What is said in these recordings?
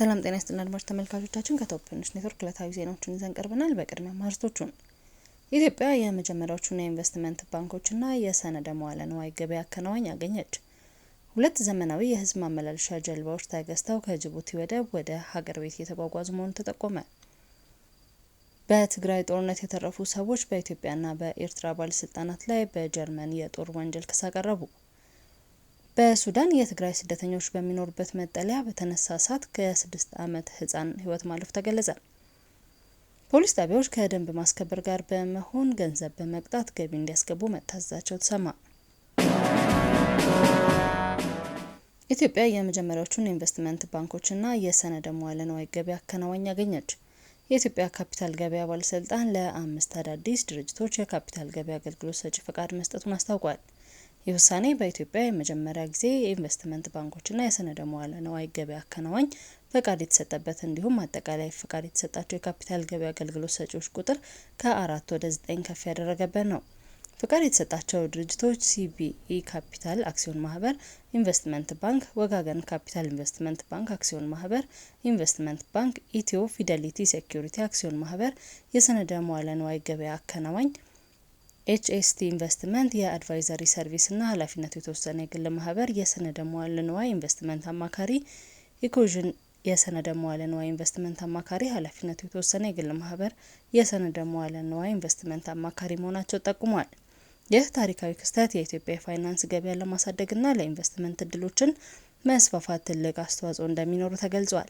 ሰላም ጤና ስጥና አድማጭ ተመልካቾቻችን ከቶፕ ኔትወርክ ዕለታዊ ዜናዎችን ይዘን ቀርበናል። በቅድሚያ ማርቶቹን ኢትዮጵያ የመጀመሪያዎቹን የኢንቨስትመንት ባንኮችና የሰነደ መዋለ ንዋይ ገበያ አከናዋኝ አገኘች። ሁለት ዘመናዊ የህዝብ ማመላለሻ ጀልባዎች ተገዝተው ከጅቡቲ ወደብ ወደ ሀገር ቤት እየተጓጓዙ መሆኑ ተጠቆመ። በትግራይ ጦርነት የተረፉ ሰዎች በኢትዮጵያና በኤርትራ ባለስልጣናት ላይ በጀርመን የጦር ወንጀል ክስ አቀረቡ። በሱዳን የትግራይ ስደተኞች በሚኖሩበት መጠለያ በተነሳ እሳት ከስድስት ዓመት ህፃን ሕይወት ማለፉ ተገለጸ። ፖሊስ ጣቢያዎች ከደንብ ማስከበር ጋር በመሆን ገንዘብ በመቅጣት ገቢ እንዲያስገቡ መታዘዛቸው ተሰማ። ኢትዮጵያ የመጀመሪያዎቹን የኢንቨስትመንት ባንኮችና የሰነደ መዋለ ንዋይ ገበያ አከናዋኝ አገኘች። የኢትዮጵያ ካፒታል ገበያ ባለስልጣን ለአምስት አዳዲስ ድርጅቶች የካፒታል ገበያ አገልግሎት ሰጪ ፈቃድ መስጠቱን አስታውቋል። ይህ ውሳኔ በኢትዮጵያ የመጀመሪያ ጊዜ የኢንቨስትመንት ባንኮችና የሰነደ መዋለ ንዋይ ገበያ አከናዋኝ ፈቃድ የተሰጠበት እንዲሁም አጠቃላይ ፈቃድ የተሰጣቸው የካፒታል ገበያ አገልግሎት ሰጪዎች ቁጥር ከአራት ወደ ዘጠኝ ከፍ ያደረገበት ነው። ፍቃድ የተሰጣቸው ድርጅቶች ሲቢኢ ካፒታል አክሲዮን ማህበር፣ ኢንቨስትመንት ባንክ፣ ወጋገን ካፒታል ኢንቨስትመንት ባንክ አክሲዮን ማህበር፣ ኢንቨስትመንት ባንክ፣ ኢትዮ ፊደሊቲ ሴኩሪቲ አክሲዮን ማህበር፣ የሰነደ መዋለ ንዋይ ገበያ አከናዋኝ ኤችኤስቲ ኢንቨስትመንት የአድቫይዘሪ ሰርቪስና ኃላፊነቱ የተወሰነ የግል ማህበር የሰነደ መዋዕለ ንዋይ ኢንቨስትመንት አማካሪ ኢኮዥን የሰነደ መዋዕለ ንዋይ ኢንቨስትመንት አማካሪ ኃላፊነቱ የተወሰነ የግል ማህበር የሰነደ መዋዕለ ንዋይ ኢንቨስትመንት አማካሪ መሆናቸው ጠቁሟል። ይህ ታሪካዊ ክስተት የኢትዮጵያ የፋይናንስ ገበያን ለማሳደግና ለኢንቨስትመንት እድሎችን መስፋፋት ትልቅ አስተዋጽኦ እንደሚኖሩ ተገልጿል።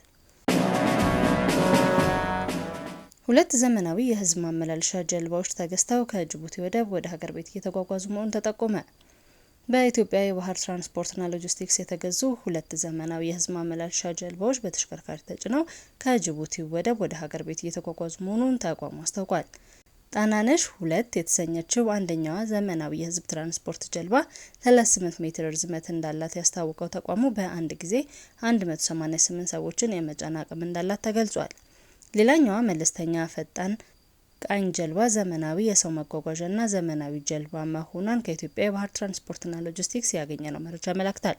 ሁለት ዘመናዊ የህዝብ ማመላለሻ ጀልባዎች ተገዝተው ከጅቡቲ ወደብ ወደ ሀገር ቤት እየተጓጓዙ መሆኑን ተጠቆመ። በኢትዮጵያ የባህር ትራንስፖርትና ሎጂስቲክስ የተገዙ ሁለት ዘመናዊ የህዝብ ማመላለሻ ጀልባዎች በተሽከርካሪ ተጭነው ከጅቡቲ ወደብ ወደ ሀገር ቤት እየተጓጓዙ መሆኑን ተቋሙ አስታውቋል። ጣናነሽ ሁለት የተሰኘችው አንደኛዋ ዘመናዊ የህዝብ ትራንስፖርት ጀልባ 38 ሜትር ርዝመት እንዳላት ያስታወቀው ተቋሙ በአንድ ጊዜ 188 ሰዎችን የመጫን አቅም እንዳላት ተገልጿል። ሌላኛዋ መለስተኛ ፈጣን ቃኝ ጀልባ ዘመናዊ የሰው መጓጓዣና ዘመናዊ ጀልባ መሆኗን ከኢትዮጵያ የባህር ትራንስፖርትና ሎጂስቲክስ ያገኘ ነው መረጃ ያመለክታል።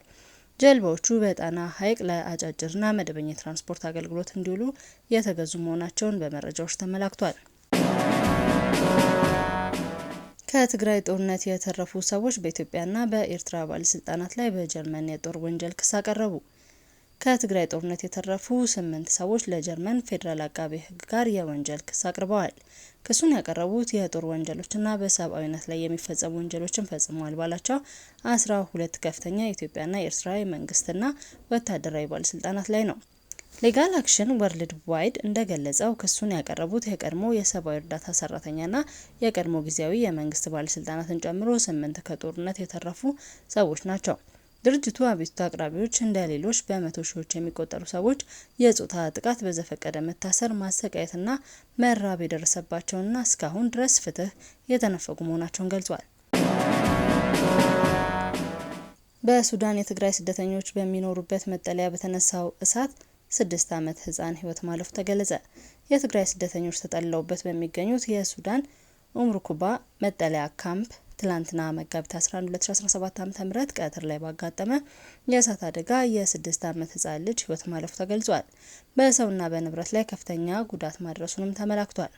ጀልባዎቹ በጣና ሐይቅ ለአጫጭርና መደበኛ የትራንስፖርት አገልግሎት እንዲውሉ የተገዙ መሆናቸውን በመረጃዎች ተመላክቷል። ከትግራይ ጦርነት የተረፉ ሰዎች በኢትዮጵያና በኤርትራ ባለስልጣናት ላይ በጀርመን የጦር ወንጀል ክስ አቀረቡ። ከትግራይ ጦርነት የተረፉ ስምንት ሰዎች ለጀርመን ፌዴራል አቃቤ ሕግ ጋር የወንጀል ክስ አቅርበዋል። ክሱን ያቀረቡት የጦር ወንጀሎችና በሰብአዊነት ላይ የሚፈጸሙ ወንጀሎችን ፈጽመዋል ባላቸው አስራ ሁለት ከፍተኛ የኢትዮጵያና የኤርትራ የመንግስትና ወታደራዊ ባለስልጣናት ላይ ነው። ሌጋል አክሽን ወርልድ ዋይድ እንደገለጸው ክሱን ያቀረቡት የቀድሞ የሰብአዊ እርዳታ ሰራተኛና የቀድሞ ጊዜያዊ የመንግስት ባለስልጣናትን ጨምሮ ስምንት ከጦርነት የተረፉ ሰዎች ናቸው። ድርጅቱ አቤቱታ አቅራቢዎች እንደ ሌሎች በመቶ ሺዎች የሚቆጠሩ ሰዎች የጾታ ጥቃት በዘፈቀደ መታሰር፣ ማሰቃየትና መራብ የደረሰባቸውና እስካሁን ድረስ ፍትህ የተነፈጉ መሆናቸውን ገልጿል። በሱዳን የትግራይ ስደተኞች በሚኖሩበት መጠለያ በተነሳው እሳት ስድስት ዓመት ህጻን ህይወት ማለፉ ተገለጸ። የትግራይ ስደተኞች ተጠልለውበት በሚገኙት የሱዳን ኡምሩኩባ መጠለያ ካምፕ ትላንትና መጋቢት 11 2017 ዓ.ም ቀትር ላይ ባጋጠመ የእሳት አደጋ የስድስት ዓመት ህጻን ልጅ ህይወት ማለፉ ተገልጿል። በሰውና በንብረት ላይ ከፍተኛ ጉዳት ማድረሱንም ተመላክቷል።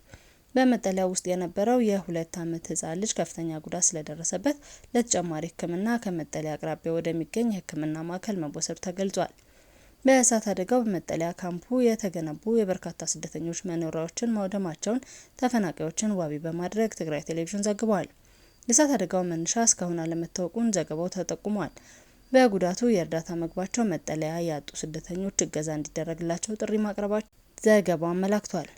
በመጠለያ ውስጥ የነበረው የሁለት ዓመት ህጻን ልጅ ከፍተኛ ጉዳት ስለደረሰበት ለተጨማሪ ሕክምና ከመጠለያ አቅራቢያ ወደሚገኝ የህክምና ማዕከል መወሰዱ ተገልጿል። በእሳት አደጋው በመጠለያ ካምፑ የተገነቡ የበርካታ ስደተኞች መኖሪያዎችን ማውደማቸውን ተፈናቃዮችን ዋቢ በማድረግ ትግራይ ቴሌቪዥን ዘግቧል። የእሳት አደጋው መነሻ እስካሁን አለመታወቁን ዘገባው ተጠቁሟል። በጉዳቱ የእርዳታ ምግባቸው መጠለያ ያጡ ስደተኞች እገዛ እንዲደረግላቸው ጥሪ ማቅረባቸውን ዘገባው አመላክቷል።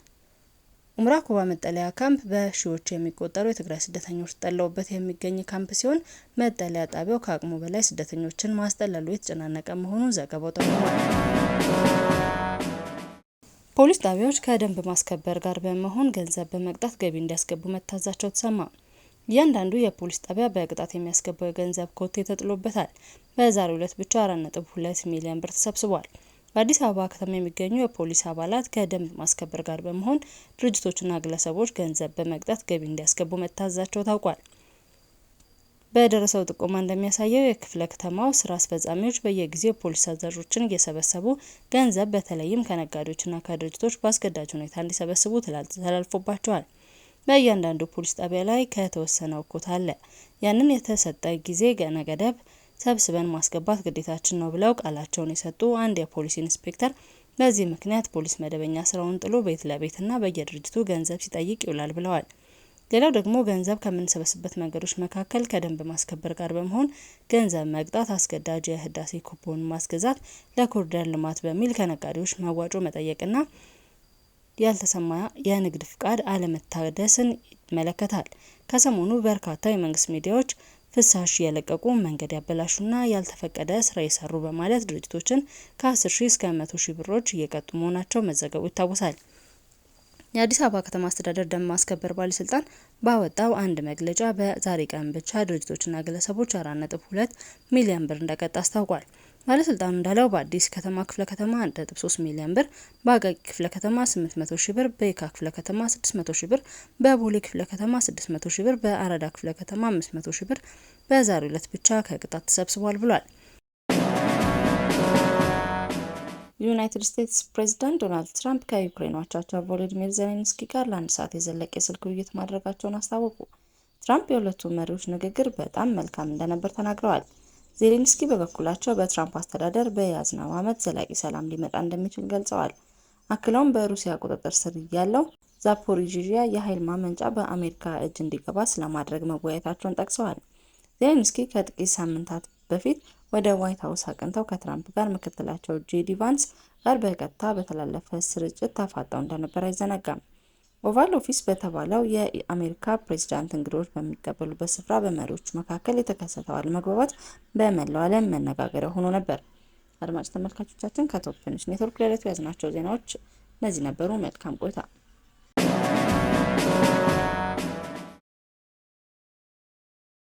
ኡምራ ኩባ መጠለያ ካምፕ በሺዎች የሚቆጠሩ የትግራይ ስደተኞች ጠለውበት የሚገኝ ካምፕ ሲሆን መጠለያ ጣቢያው ከአቅሙ በላይ ስደተኞችን ማስጠለሉ የተጨናነቀ መሆኑን ዘገባው ጠቁሟል። ፖሊስ ጣቢያዎች ከደንብ ማስከበር ጋር በመሆን ገንዘብ በመቅጣት ገቢ እንዲያስገቡ መታዛቸው ተሰማ። እያንዳንዱ የፖሊስ ጣቢያ በቅጣት የሚያስገባው የገንዘብ ኮቴ ተጥሎበታል። በዛሬው ዕለት ብቻ 4.2 ሚሊዮን ብር ተሰብስቧል። በአዲስ አበባ ከተማ የሚገኙ የፖሊስ አባላት ከደንብ ማስከበር ጋር በመሆን ድርጅቶችና ግለሰቦች ገንዘብ በመቅጣት ገቢ እንዲያስገቡ መታዘዛቸው ታውቋል። በደረሰው ጥቆማ እንደሚያሳየው የክፍለ ከተማው ስራ አስፈጻሚዎች በየጊዜው የፖሊስ አዛዦችን እየሰበሰቡ ገንዘብ በተለይም ከነጋዴዎችና ከድርጅቶች በአስገዳጅ ሁኔታ እንዲሰበስቡ ተላልፎባቸዋል። በእያንዳንዱ ፖሊስ ጣቢያ ላይ ከተወሰነ ውኮታ አለ። ያንን የተሰጠ ጊዜ ገነገደብ ገደብ ሰብስበን ማስገባት ግዴታችን ነው ብለው ቃላቸውን የሰጡ አንድ የፖሊስ ኢንስፔክተር በዚህ ምክንያት ፖሊስ መደበኛ ስራውን ጥሎ ቤት ለቤትና በየድርጅቱ ገንዘብ ሲጠይቅ ይውላል ብለዋል። ሌላው ደግሞ ገንዘብ ከምንሰበስበት መንገዶች መካከል ከደንብ ማስከበር ጋር በመሆን ገንዘብ መቅጣት፣ አስገዳጅ የህዳሴ ኩቦን ማስገዛት፣ ለኮሪደር ልማት በሚል ከነጋዴዎች መዋጮ መጠየቅና ያልተሰማ የንግድ ፍቃድ አለመታደስን ይመለከታል። ከሰሞኑ በርካታ የመንግስት ሚዲያዎች ፍሳሽ የለቀቁ መንገድ ያበላሹና ያልተፈቀደ ስራ የሰሩ በማለት ድርጅቶችን ከ10 ሺህ እስከ 100 ሺህ ብሮች እየቀጡ መሆናቸው መዘገቡ ይታወሳል። የአዲስ አበባ ከተማ አስተዳደር ደንብ ማስከበር ባለስልጣን ባወጣው አንድ መግለጫ በዛሬ ቀን ብቻ ድርጅቶችና ግለሰቦች 4.2 ሚሊዮን ብር እንደቀጣ አስታውቋል። ባለስልጣኑ እንዳለው በአዲስ ከተማ ክፍለ ከተማ 1.3 ሚሊዮን ብር፣ በአቃቂ ክፍለ ከተማ 800 ሺ ብር፣ በየካ ክፍለ ከተማ 600 ሺ ብር፣ በቦሌ ክፍለ ከተማ 600 ሺ ብር፣ በአራዳ ክፍለ ከተማ 500 ሺ ብር በዛሬው ዕለት ብቻ ከቅጣት ተሰብስቧል ብሏል። ዩናይትድ ስቴትስ ፕሬዚዳንት ዶናልድ ትራምፕ ከዩክሬን አቻቸው ቮሎዲሚር ዜሌንስኪ ጋር ለአንድ ሰዓት የዘለቀ የስልክ ውይይት ማድረጋቸውን አስታወቁ። ትራምፕ የሁለቱ መሪዎች ንግግር በጣም መልካም እንደነበር ተናግረዋል። ዜሌንስኪ በበኩላቸው በትራምፕ አስተዳደር በያዝነው ዓመት ዘላቂ ሰላም ሊመጣ እንደሚችል ገልጸዋል። አክለውም በሩሲያ ቁጥጥር ስር ያለው ዛፖሪዥያ የኃይል ማመንጫ በአሜሪካ እጅ እንዲገባ ስለማድረግ መወያየታቸውን ጠቅሰዋል። ዜሌንስኪ ከጥቂት ሳምንታት በፊት ወደ ዋይት ሀውስ አቅንተው ከትራምፕ ጋር ምክትላቸው ጄዲ ቫንስ ጋር በቀጥታ በተላለፈ ስርጭት ተፋጠው እንደነበር አይዘነጋም። ኦቫል ኦፊስ በተባለው የአሜሪካ ፕሬዚዳንት እንግዶች በሚቀበሉበት ስፍራ በመሪዎቹ መካከል የተከሰተው አለመግባባት በመላው ዓለም መነጋገሪያ ሆኖ ነበር። አድማጭ ተመልካቾቻችን ከቶፕ ትንሽ ኔትወርክ ለዕለቱ ያዝናቸው ዜናዎች እነዚህ ነበሩ። መልካም ቆይታ